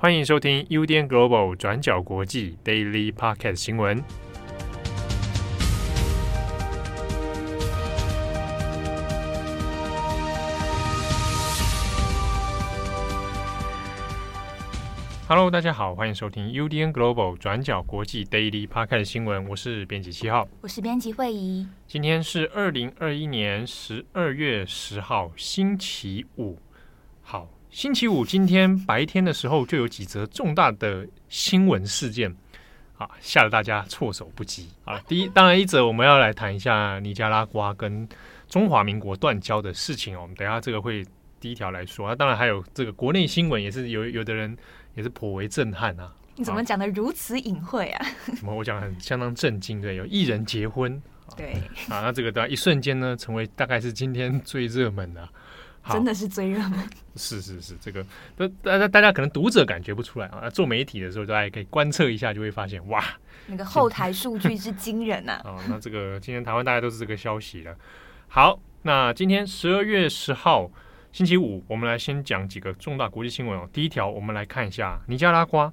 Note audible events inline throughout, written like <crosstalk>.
歡迎收聽 UDN Global 轉角國際 Daily Podcast 新聞。Hello，大家好，歡迎收聽 UDN Global 轉角國際 Daily Podcast 新聞，我是編輯七號，我是編輯惠儀，今天是二零二一年十二月十號，星期五，好。星期五，今天白天的時候，就有幾則重大的新聞事件啊，嚇得大家措手不及啊。第一，當然一則我們要來談一下尼加拉瓜跟中華民國斷交的事情哦、啊。我們等一下這個會第一條來說啊。當然還有這個國內新聞也是有，有的人也是頗為震撼啊，啊。你怎麼講的如此隱晦啊？什麼？我講的很相當震驚，對，有一人結婚，啊，對啊，那這個當一瞬間呢，成為大概是今天最熱門的、啊。好真的是最熱門，是是是，這個大家大家可能讀者感覺不出來啊，做媒體的時候大家可以觀測一下，就會發現哇，那個後台數據是驚人吶、啊。哦， <laughs> 那這個今天台灣大家都是這個消息了。好，那今天十二月十號星期五，我們來先講幾個重大國際新聞哦。第一條，我們來看一下尼加拉瓜，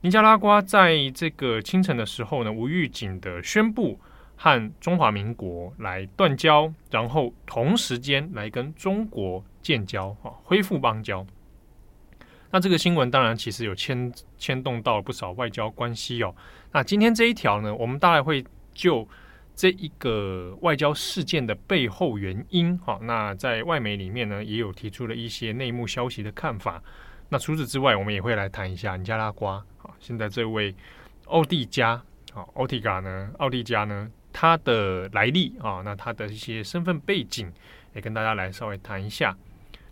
尼加拉瓜在這個清晨的時候呢，無預警的宣布。和中華民國來斷交，然後同時間來跟中國建交啊、哦，恢復邦交。那這個新聞當然其實有牽牽動到了不少外交關係哦。那今天這一條呢，我們大概會就這一個外交事件的背後原因哈、哦。那在外媒裡面呢，也有提出了一些內幕消息的看法。那除此之外，我們也會來談一下尼加拉瓜啊，現在這位奧蒂加啊，奧、哦、蒂加呢，奧蒂加呢。它的來歷啊、哦，那它的一些身份背景，也跟大家來稍微談一下。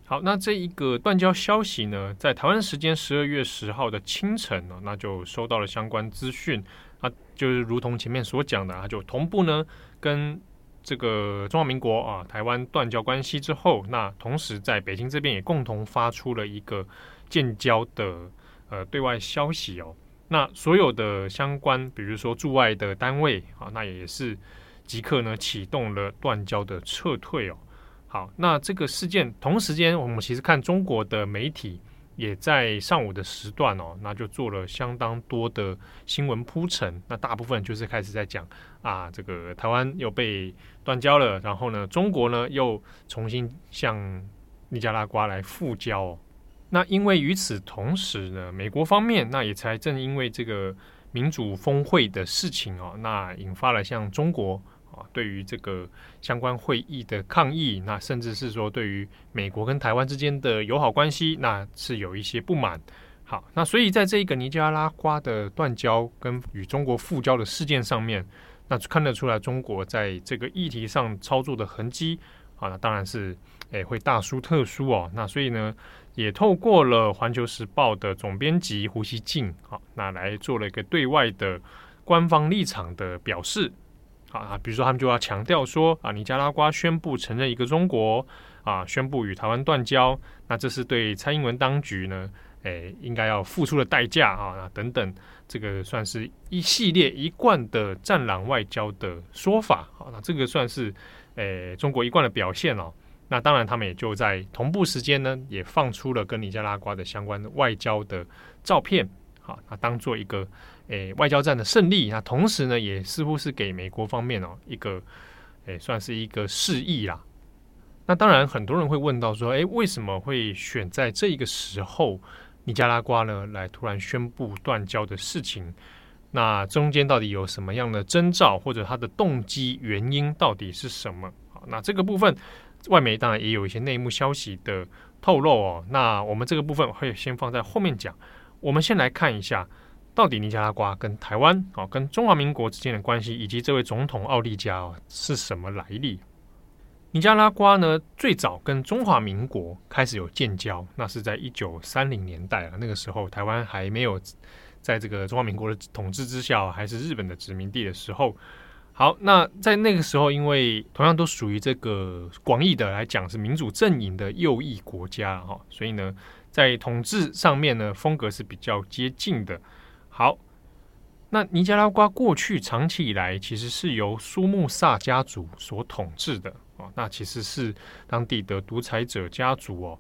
好，那這一個斷交消息呢，在台灣時間十二月十號的清晨呢、哦，那就收到了相關資訊啊，就是如同前面所講的、啊，就同步呢跟這個中華民國啊台灣斷交關係之後，那同時在北京這邊也共同發出了一個建交的呃對外消息哦。那所有的相關，比如說駐外的單位啊，那也是即刻呢啟動了斷交的撤退哦。好，那這個事件同時間，我們其實看中國的媒體也在上午的時段哦，那就做了相當多的新聞鋪陳。那大部分就是開始在講啊，這個台灣又被斷交了，然後呢，中國呢又重新向尼加拉瓜來復交哦。那因為與此同時呢，美國方面那也才正因為這個民主峰會的事情啊、哦，那引發了像中國啊對於這個相關會議的抗議，那甚至是說對於美國跟台灣之間的友好關係，那是有一些不滿。好，那所以在這一個尼加拉瓜的斷交跟與中國復交的事件上面，那看得出來中國在這個議題上操作的痕跡啊，那當然是誒、欸、會大書特書哦。那所以呢，也透過了《環球時報》的總編輯胡錫進，好，那來做了一個對外的官方立場的表示，好，比如說他們就要強調說，啊，尼加拉瓜宣布承認一個中國，啊，宣布與台灣斷交，那這是對蔡英文當局呢，誒、欸，應該要付出的代價啊，那等等，這個算是一系列一貫的戰狼外交的說法，好，那這個算是，誒、欸，中國一貫的表現哦。那當然，他們也就在同步時間呢，也放出了跟尼加拉瓜的相關外交的照片，好，那當做一個誒、欸、外交戰的勝利。那同時呢，也似乎是給美國方面哦、喔、一個誒、欸、算是一個示意啦。那當然，很多人會問到說，誒、欸，為什麼會選在這個時候尼加拉瓜呢來突然宣布斷交的事情？那中間到底有什麼樣的徵兆，或者它的動機原因到底是什麼？好，那這個部分。外媒當然也有一些內幕消息的透露哦，那我們這個部分會先放在後面講。我們先來看一下，到底尼加拉瓜跟台灣哦，跟中華民國之間的關係，以及這位總統奧利加哦，是什麼來歷？尼加拉瓜呢，最早跟中華民國開始有建交，那是在一九三零年代啊，那個時候台灣還沒有在這個中華民國的統治之下哦，還是日本的殖民地的時候。好，那在那個時候，因為同樣都屬於這個廣義的來講是民主陣營的右翼國家哈、哦，所以呢，在統治上面呢風格是比較接近的。好，那尼加拉瓜過去長期以來其實是由蘇穆薩家族所統治的哦，那其實是當地的獨裁者家族哦。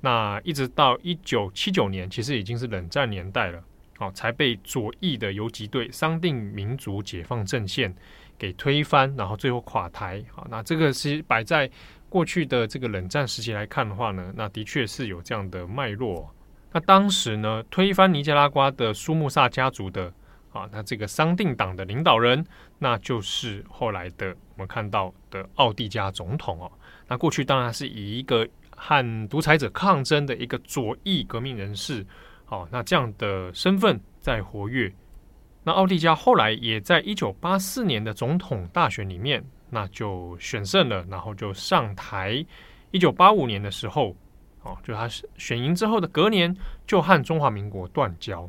那一直到一九七九年，其實已經是冷戰年代了，哦，才被左翼的游擊隊商定民族解放陣線給推翻，然後最後垮台。好，那這個是擺在過去的這個冷戰時期來看的話呢，那的確是有這樣的脈絡哦。那當時呢，推翻尼加拉瓜的蘇穆薩家族的啊，那這個商定黨的領導人，那就是後來的我們看到的奧地加總統哦。那過去當然是以一個和獨裁者抗爭的一個左翼革命人士，哦，那這樣的身份在活躍。那奧利加後來也在一九八四年的總統大選裡面，那就選勝了，然後就上台。一九八五年的時候，哦，就他是選贏之後的隔年，就和中華民國斷交。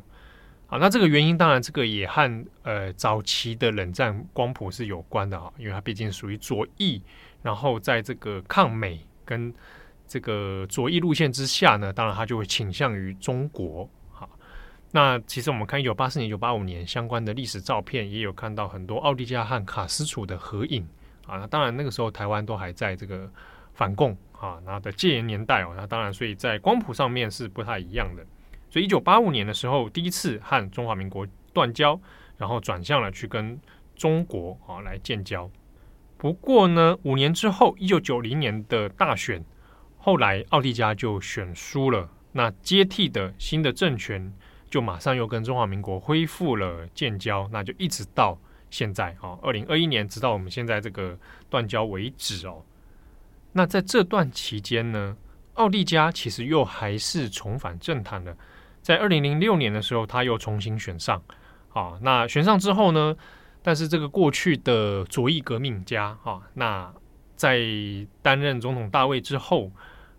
啊，那這個原因當然這個也和呃早期的冷戰光譜是有關的啊，因為他畢竟屬於左翼，然後在這個抗美跟這個左翼路線之下呢，當然他就會傾向於中國。那其實我們看一九八四年、一九八五年相關的歷史照片，也有看到很多奧蒂嘉和卡斯楚的合影啊。那當然那個時候台灣都還在這個反共啊，那的戒嚴年代哦、啊。那當然，所以在光譜上面是不太一樣的。所以一九八五年的時候，第一次和中華民國斷交，然後轉向了去跟中國啊來建交。不過呢，五年之後，一九九零年的大選，後來奧蒂嘉就選輸了，那接替的新的政權。就馬上又跟中華民國恢復了建交，那就一直到現在哦，二零二一年直到我們現在這個斷交為止哦。那在這段期間呢，奧利加其實又還是重返政壇的，在二零零六年的時候他又重新選上，好、哦，那選上之後呢，但是這個過去的左翼革命家哈、哦，那在擔任總統大位之後。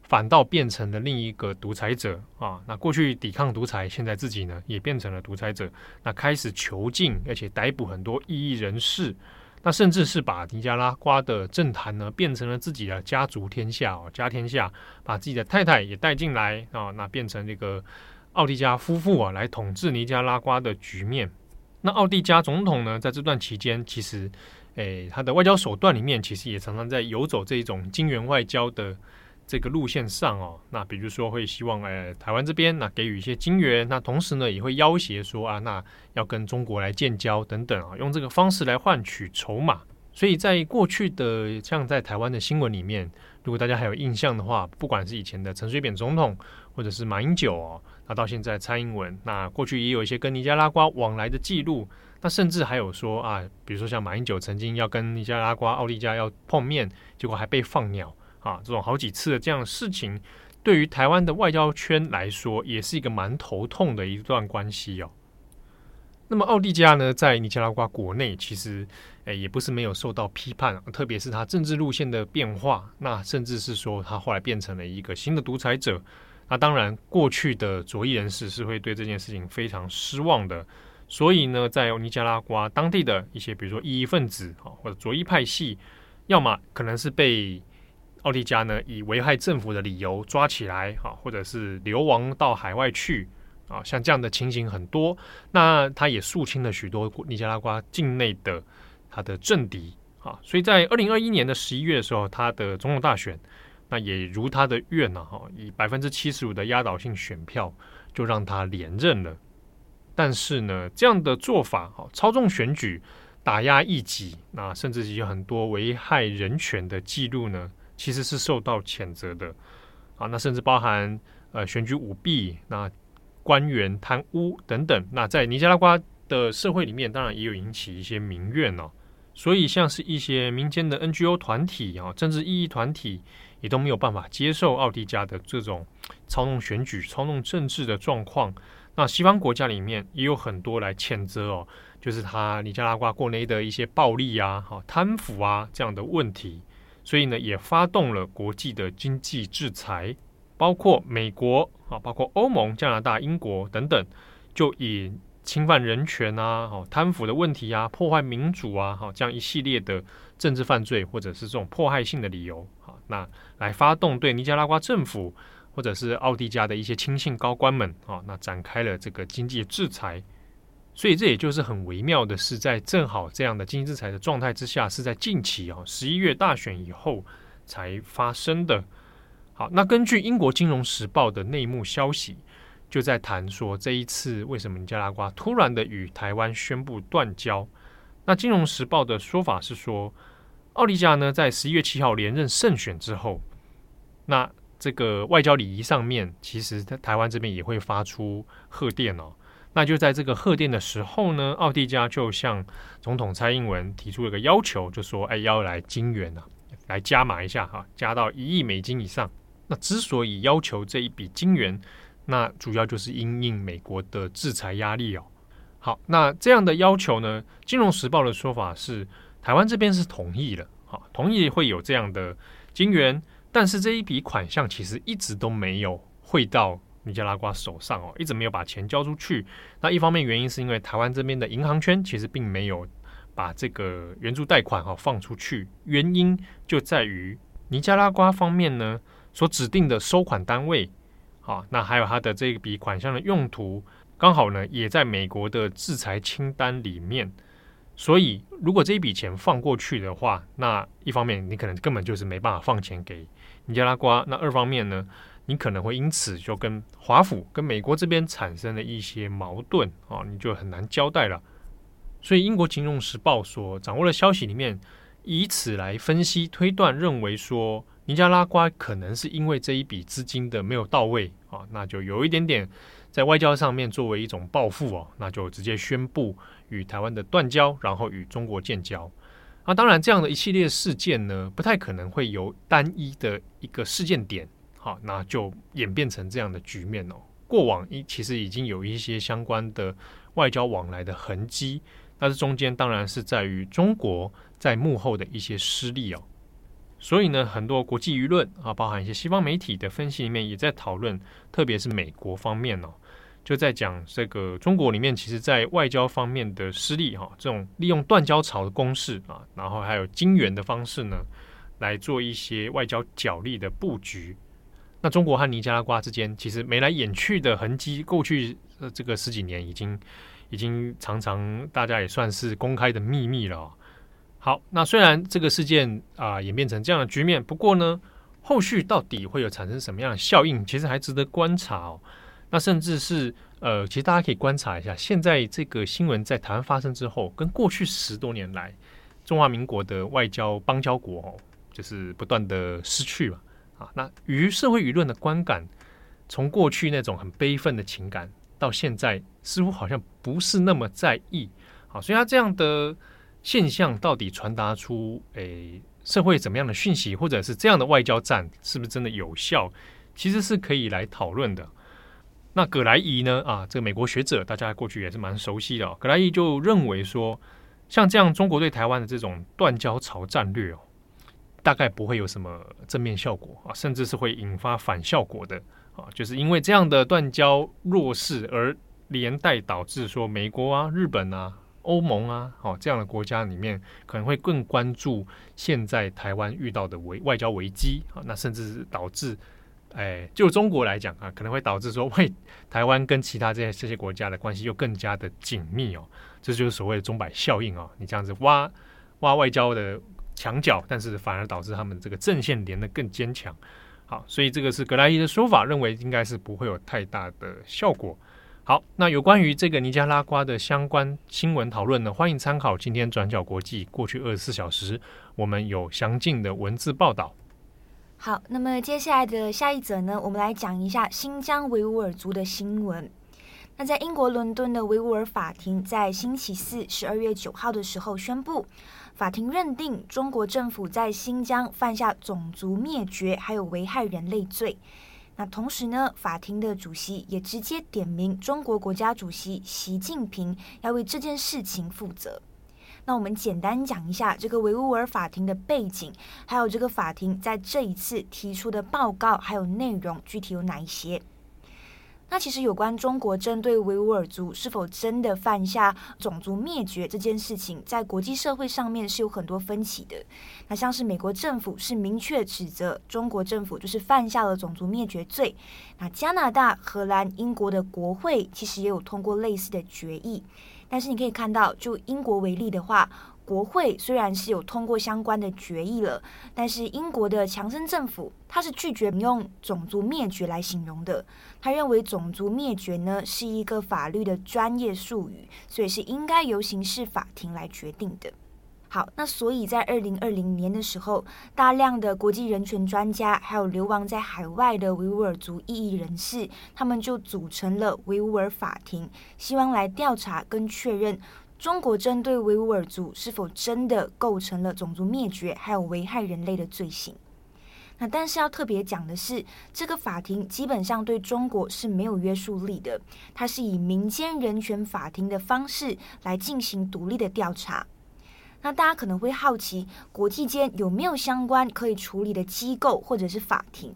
反倒變成了另一個獨裁者啊！那過去抵抗獨裁，現在自己呢也變成了獨裁者。那開始囚禁，而且逮捕很多異議人士。那甚至是把尼加拉瓜的政壇呢變成了自己的家族天下哦，家天下，把自己的太太也帶進來啊，那變成這個奧蒂加夫婦啊來統治尼加拉瓜的局面。那奧蒂加總統呢，在這段期間，其實誒、欸、他的外交手段裡面，其實也常常在遊走這種金元外交的。這個路線上哦，那比如說會希望誒、呃、台灣這邊那、啊、給予一些金援，那同時呢也會要挾說啊，那要跟中國來建交等等啊、哦，用這個方式來換取籌碼。所以在過去的像在台灣的新聞裡面，如果大家還有印象的話，不管是以前的陳水扁總統，或者是馬英九哦，那到現在蔡英文，那過去也有一些跟尼加拉瓜往來的記錄，那甚至還有說啊，比如說像馬英九曾經要跟尼加拉瓜奧利加要碰面，結果還被放鳥。啊，這種好幾次的這樣的事情，對於台灣的外交圈來說，也是一個蠻頭痛的一段關係哦。那麼，奧蒂加呢，在尼加拉瓜國內其實，誒、欸、也不是沒有受到批判，特別是他政治路線的變化，那甚至是說他後來變成了一個新的獨裁者。那當然，過去的左翼人士是會對這件事情非常失望的。所以呢，在尼加拉瓜當地的一些，比如說異議分子啊，或者左翼派系，要麼可能是被。奧利加呢，以危害政府的理由抓起來，啊，或者是流亡到海外去，啊，像這樣的情形很多。那他也肅清了許多尼加拉瓜境內的他的政敵，啊，所以在二零二一年的十一月的時候，他的總統大選，那也如他的願呢，哈，以百分之七十五的壓倒性選票，就讓他連任了。但是呢，這樣的做法，哈，操縱選舉、打壓異己，那甚至有很多危害人權的記錄呢。其實是受到譴責的啊，那甚至包含呃選舉舞弊、那官員貪污等等。那在尼加拉瓜的社會裡面，當然也有引起一些民怨哦。所以像是一些民間的 NGO 團體啊、政治異議團體，也都沒有辦法接受奧迪加的這種操弄選舉、操弄政治的狀況。那西方國家裡面也有很多來譴責哦，就是他尼加拉瓜國內的一些暴力啊、好貪腐啊這樣的問題。所以呢，也發動了國際的經濟制裁，包括美國啊，包括歐盟、加拿大、英國等等，就以侵犯人權啊、貪腐的問題啊、破壞民主啊、哈這樣一系列的政治犯罪或者是這種迫害性的理由，那來發動對尼加拉瓜政府或者是奧地加的一些親信高官們，那展開了這個經濟制裁。所以這也就是很微妙的，是在正好這樣的經濟制裁的狀態之下，是在近期啊十一月大選以後才發生的。好，那根據英國金融時報的內幕消息，就在談說這一次為什麼尼加拉瓜突然的與台灣宣布斷交？那金融時報的說法是說，奧利加呢在十一月七號連任勝選之後，那這個外交禮儀上面，其實在台灣這邊也會發出賀電哦。那就在這個賀電的時候呢，奧蒂加就向總統蔡英文提出了個要求，就說：“哎，要來金援啊，來加碼一下啊，加到一億美金以上。”那之所以要求這一筆金援，那主要就是因應美國的制裁壓力哦。好，那這樣的要求呢，《金融時報》的說法是，台灣這邊是同意了，好，同意會有這樣的金援。但是這一筆款項其實一直都沒有匯到。尼加拉瓜手上哦，一直沒有把錢交出去。那一方面原因是因為台灣這邊的銀行圈其實並沒有把這個援助貸款哦放出去。原因就在於尼加拉瓜方面呢，所指定的收款單位啊，那還有它的這一筆款項的用途剛好呢，也在美國的制裁清單裡面。所以如果這一筆錢放過去的話，那一方面你可能根本就是沒辦法放錢給尼加拉瓜；那二方面呢。你可能會因此就跟華府、跟美國這邊產生了一些矛盾啊、哦，你就很難交代了。所以英國金融時報說，掌握了消息裡面，以此來分析推斷，認為說尼加拉瓜可能是因為這一筆資金的沒有到位啊、哦，那就有一點點在外交上面作為一種報復哦，那就直接宣布與台灣的斷交，然後與中國建交。那、啊、當然，這樣的一系列事件呢，不太可能會有單一的一個事件點。好，那就演變成這樣的局面、哦、過往一其實已經有一些相關的外交往來的痕跡，但是中間當然是在於中國在幕後的一些失利哦。所以呢，很多國際輿論啊，包含一些西方媒體的分析裡面，也在討論，特別是美國方面呢、哦，就在講這個中國裡面，其實，在外交方面的失利哈、啊，這種利用斷交潮的攻勢啊，然後還有金援的方式呢，來做一些外交角力的佈局。那中國和尼加拉瓜之間其實眉來眼去的痕跡，過去這個十幾年已經已經常常大家也算是公開的秘密了。好，那雖然這個事件啊演變成這樣的局面，不過呢後續到底會有產生什麼樣的效應，其實還值得觀察哦。那甚至是呃，其實大家可以觀察一下，現在這個新聞在台灣發生之後，跟過去十多年來中華民國的外交邦交國就是不斷的失去了。啊，那與社會輿論的觀感，從過去那種很悲憤的情感，到現在似乎好像不是那麼在意。好，所以他這樣的現象到底傳達出誒、哎、社會怎麼樣的訊息，或者是這樣的外交戰是不是真的有效？其實是可以來討論的。那葛萊儀呢？啊，這個美國學者，大家過去也是蠻熟悉的、哦。葛萊儀就認為說，像這樣中國對台灣的這種斷交潮戰略哦。大概不會有什麼正面效果啊，甚至是會引發反效果的啊，就是因為這樣的斷交弱勢，而連帶導致說美國啊、日本啊、歐盟啊、哦，這樣的國家裡面可能會更關注現在台灣遇到的危外交危機啊，那甚至是導致，誒、哎，就中國來講啊，可能會導致說為台灣跟其他這些這些國家的關係又更加的緊密哦，這就是所謂的鐘擺效應啊、哦，你這樣子挖挖外交的。牆角，但是反而導致他們這個陣線連得更堅強。好，所以這個是格萊伊的說法，認為應該是不會有太大的效果。好，那有關於這個尼加拉瓜的相關新聞討論呢？歡迎參考今天轉角國際過去二十四小時我們有詳盡的文字報道。好，那麼接下來的下一則呢，我們來講一下新疆維吾爾族的新聞。那在英國倫敦的維吾爾法庭在星期四十二月九號的時候宣布，法庭認定中國政府在新疆犯下種族滅絕還有危害人類罪。那同時呢，法庭的主席也直接點名中國國家主席習近平要為這件事情負責。那我們簡單講一下這個維吾爾法庭的背景，還有這個法庭在這一次提出的報告還有內容具體有哪一些？那其實有關中國針對維吾爾族是否真的犯下種族滅絕這件事情，在國際社會上面是有很多分歧的。那像是美國政府是明確指責中國政府就是犯下了種族滅絕罪。那加拿大、荷蘭、英國的國會其實也有通過類似的決議。但是你可以看到，就英國為例的話，國會雖然是有通過相關的決議了，但是英國的強生政府他是拒絕用種族滅絕來形容的。他認為種族滅絕呢是一個法律的專業術語，所以是應該由刑事法庭來決定的。好，那所以在二零二零年的時候，大量的國際人權專家還有流亡在海外的維吾爾族異議人士，他們就組成了維吾爾法庭，希望來調查跟確認。中國針對維吾爾族是否真的構成了種族滅絕，還有危害人類的罪行？那但是要特別講的是，這個法庭基本上對中國是沒有約束力的，它是以民間人權法庭的方式來進行獨立的調查。那大家可能會好奇，國際間有沒有相關可以處理的機構或者是法庭？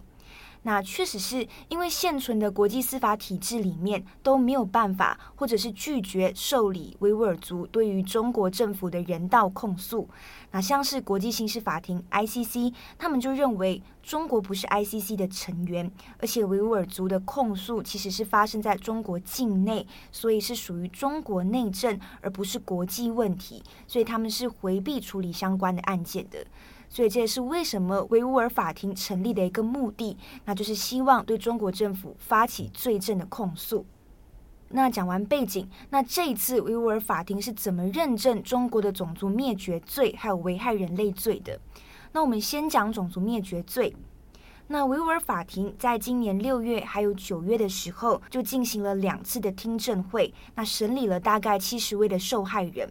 那確實是因為現存的國際司法體制裡面都沒有辦法，或者是拒絕受理維吾爾族對於中國政府的人道控訴。那像是國際刑事法庭 （ICC），他們就認為中國不是 ICC 的成員，而且維吾爾族的控訴其實是發生在中國境內，所以是屬於中國內政，而不是國際問題，所以他們是回避處理相關的案件的。所以這也是為什麼維吾爾法庭成立的一個目的，那就是希望對中國政府發起罪證的控訴。那講完背景，那這一次維吾爾法庭是怎麼認證中國的種族滅絕罪還有危害人類罪的？那我們先講種族滅絕罪。那維吾爾法庭在今年六月還有九月的時候，就進行了兩次的聽證會，那審理了大概七十位的受害人。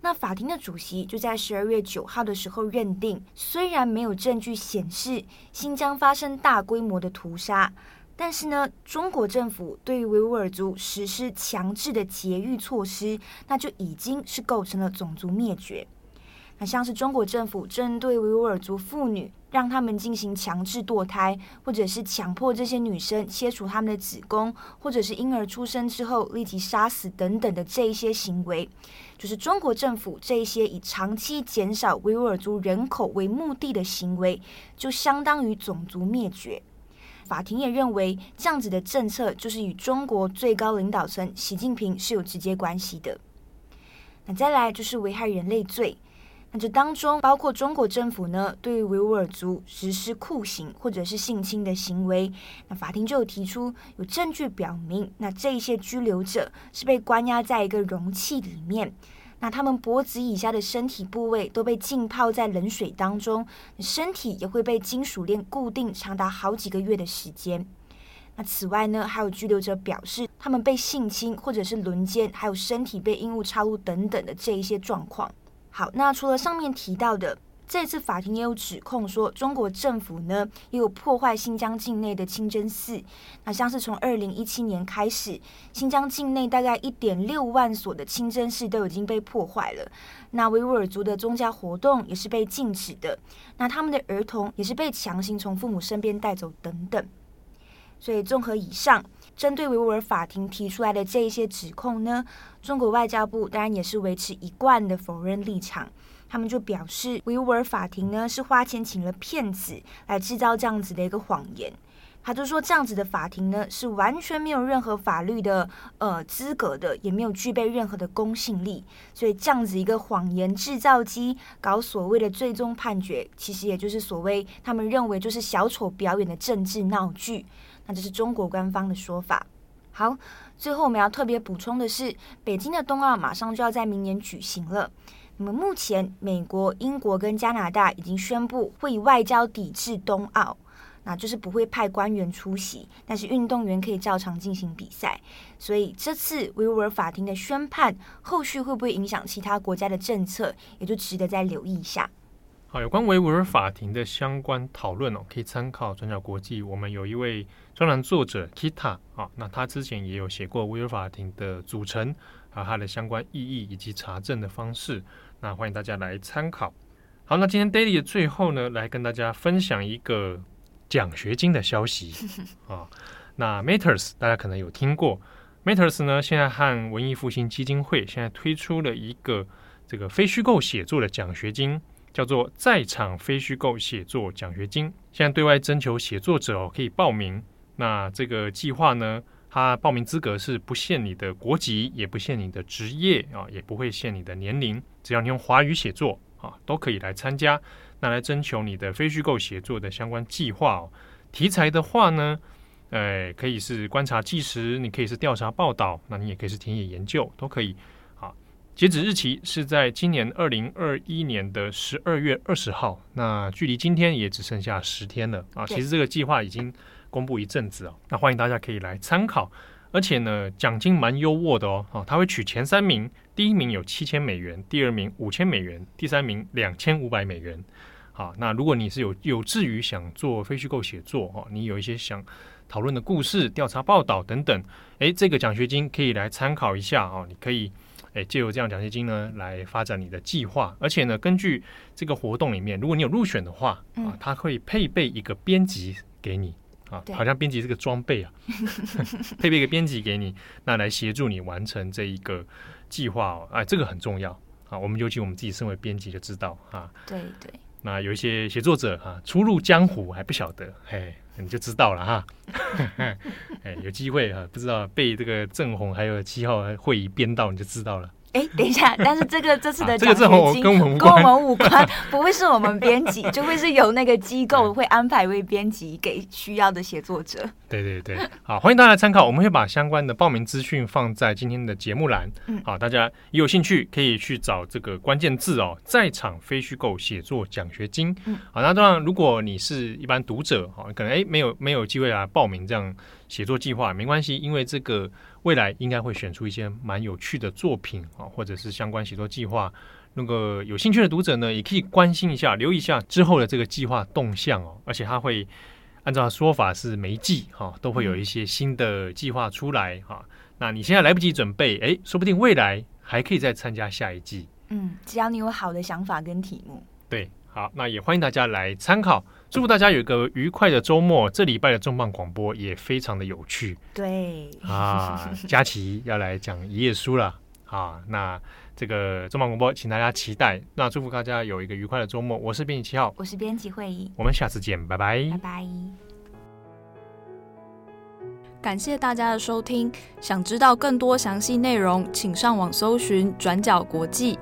那法庭的主席就在十二月九號的時候認定，雖然沒有證據顯示新疆發生大規模的屠殺，但是呢，中國政府對維吾爾族實施強制的節育措施，那就已經是構成了種族滅絕。那像是中國政府針對維吾爾族婦女，讓他們進行強制墮胎，或者是強迫這些女生切除他們的子宮，或者是嬰兒出生之後立即殺死等等的這一些行為，就是中國政府這一些以長期減少維吾爾族人口為目的的行為，就相當於種族滅絕。法庭也認為這樣子的政策就是與中國最高領導層習近平是有直接關係的。那再來就是危害人類罪。那這當中包括中國政府呢，對於維吾爾族實施酷刑或者是性侵的行為。那法庭就有提出，有證據表明，那這一些拘留者是被關押在一個容器裡面，那他們脖子以下的身體部位都被浸泡在冷水當中，身體也會被金屬鏈固定長達好幾個月的時間。那此外呢，還有拘留者表示，他們被性侵或者是輪姦，還有身體被硬物插入等等的這一些狀況。好，那除了上面提到的，這次法庭也有指控說，中國政府呢也有破壞新疆境內的清真寺。那像是從二零一七年開始，新疆境內大概一點六萬所的清真寺都已經被破壞了。那維吾爾族的宗教活動也是被禁止的。那他們的兒童也是被強行從父母身邊帶走等等。所以綜合以上。針對維吾爾法庭提出來的這一些指控呢，中國外交部當然也是維持一貫的否認立場。他們就表示，維吾爾法庭呢是花錢請了騙子來製造這樣子的一個謊言。他就說，這樣子的法庭呢是完全沒有任何法律的呃資格的，也沒有具備任何的公信力。所以這樣子一個謊言製造機搞所謂的最終判決，其實也就是所謂他們認為就是小丑表演的政治鬧劇。那這是中國官方的說法。好，最後我們要特別補充的是，北京的冬奧馬上就要在明年舉行了。那麼目前，美國、英國跟加拿大已經宣布會以外交抵制冬奧，那就是不會派官員出席，但是運動員可以照常進行比賽。所以這次維吾爾法庭的宣判，後續會不會影響其他國家的政策，也就值得再留意一下。好，有關維吾爾法庭的相關討論哦，可以參考轉角國際。我們有一位專欄作者 Kita 啊，那他之前也有寫過維吾爾法庭的組成啊，它的相關意義以及查證的方式。那歡迎大家來參考。好，那今天 Daily 的最後呢，來跟大家分享一個獎學金的消息啊。那 Matters 大家可能有聽過，Matters 呢 <laughs> 現在和文藝復興基金會現在推出了一個這個非虛構寫作的獎學金。叫做在場非虛構寫作獎學金，現在對外徵求寫作者可以報名。那這個計劃呢，它報名資格是不限你的國籍，也不限你的職業啊，也不會限你的年齡，只要你用華語寫作啊，都可以來參加。那來徵求你的非虛構寫作的相關計劃哦，題材的話呢，呃，可以是觀察紀實，你可以是調查報道，那你也可以是田野研究，都可以。截止日期是在今年二零二一年的十二月二十號，那距離今天也只剩下十天了啊！其實這個計劃已經公布一陣子了，那歡迎大家可以來參考，而且呢，獎金蠻優渥的哦！它、啊、會取前三名，第一名有七千美元，第二名五千美元，第三名兩千五百美元。好、啊，那如果你是有有志於想做非虛構寫作、啊、你有一些想討論的故事、調查報道等等，誒，這個獎學金可以來參考一下哦、啊，你可以。哎、借由這樣獎學金呢，來發展你的計劃。而且呢，根據這個活動裡面，如果你有入選的話、嗯、啊，他會配備一個編輯給你對啊，好像編輯是個裝備啊， <laughs> <laughs> 配備一個編輯給你，那來協助你完成這一個計劃哦。哎，這個很重要啊。我們尤其我們自己身為編輯就知道啊。對對。對那有一些寫作者哈、啊，初入江湖還不曉得，嘿，你就知道了哈。哎， <laughs> 有機會啊，不知道被這個鎮宏還有七號會議編到，你就知道了。哎，等一下！但是這個這次的獎學金，啊這個，跟我們無關，我們五關，不會是我們編輯， <laughs> 就會是由那個機構會安排為編輯給需要的寫作者。嗯、對對對，好，歡迎大家來參考，我們會把相關的報名資訊放在今天的節目欄。好，大家有興趣可以去找這個關鍵字哦，在場非虛構寫作獎學金。好，那當然，如果你是一般讀者，可能哎沒有沒有機會來，啊、報名這樣。寫作計劃沒關係，因為這個未來應該會選出一些蠻有趣的作品啊，或者是相關寫作計劃，那個有興趣的讀者呢，也可以關心一下，留意一下之後的這個計劃動向哦。而且他會按照說法是每一季哈都會有一些新的計劃出來哈。嗯、那你現在來不及準備，誒，說不定未來還可以再參加下一季。嗯，只要你有好的想法跟題目，對，好，那也歡迎大家來參考。祝福大家有一個愉快的週末。這禮拜的重磅廣播也非常的有趣。對啊，是是是是佳琪要來講一頁書了啊。那這個重磅廣播，請大家期待。那祝福大家有一個愉快的週末。我是編輯七號，我是編輯會議，我們下次見，拜拜，拜拜。感謝大家的收聽。想知道更多詳細內容，請上網搜尋“轉角國際”。